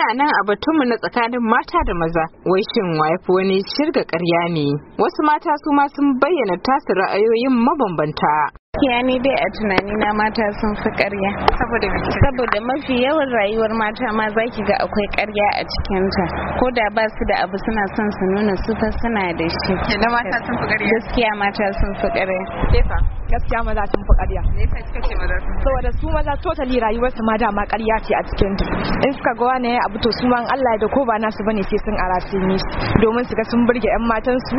muna nan a batunmu na tsakanin mata da maza wai shin wife wani shirga ƙarya ne wasu mata su ma sun bayyana tasu ra'ayoyin mabambanta gaskiya ni dai a tunani na mata sun fi karya saboda mafi yawan rayuwar mata ma za ki ga akwai karya a cikinta ko da ba su da abu suna son su nuna su fa suna da shi gaskiya mata sun fi karya gaskiya maza sun fi karya saboda su maza totally rayuwar su ma dama ƙarya ce a cikin ta in suka ga wani abu to su ma Allah da ko ba nasu bane sai sun arasi sun domin su ga sun burge yan matan su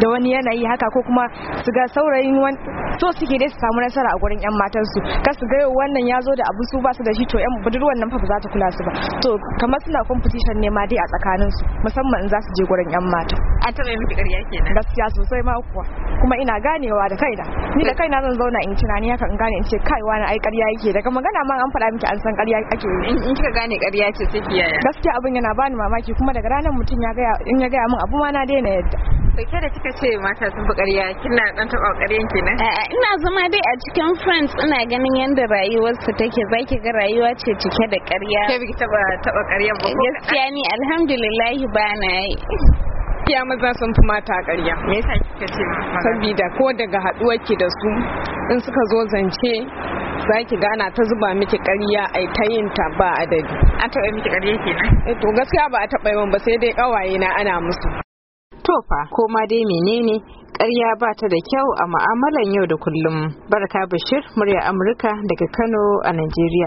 da wani yanayi haka ko kuma su ga saurayin wani so suke dai su samu nasara a gurin yan matan su kar su ga wannan ya zo da abu su ba su da shi to yan budurwan nan fa ba za ta kula su ba to kamar suna competition ne ma dai a tsakanin su musamman in za su je gurin yan mata a taɓa yi miki ƙarya kenan gaskiya sosai ma kuwa kuma ina ganewa da kaina ni da kaina zan zauna in tunani haka in gane in ce kai wani ai ƙarya yake daga magana ma an faɗa miki an san ƙarya ake yi in kika gane ƙarya ce sai ki yaya gaskiya abin yana bani mamaki kuma daga ranar mutum ya ga in ya gaya min abu ma na daina yadda ke da kika ce mata sun fi ƙarya kina dan taɓa ƙaryan kenan? Ina zama dai a cikin friends ina ganin yadda rayuwarsu take zaki ga rayuwa ce cike da ƙarya. Ke biki taɓa taɓa ƙaryan ba? Gaskiya ni alhamdulillah ba na yi. gaskiya maza sun fi mata ƙarya me yasa kika ce saboda ko daga haduwar ki da su in suka zo zance za ki ga ta zuba miki ƙarya ai ta yin ta ba adadi an taɓa miki ƙarya kenan eh to gaskiya ba a taɓa yi ba sai dai ƙawaye na ana musu to fa ko ma dai menene karya ba ta da kyau a mu'amalan yau da kullum barka bashir murya amurka daga kano a najeriya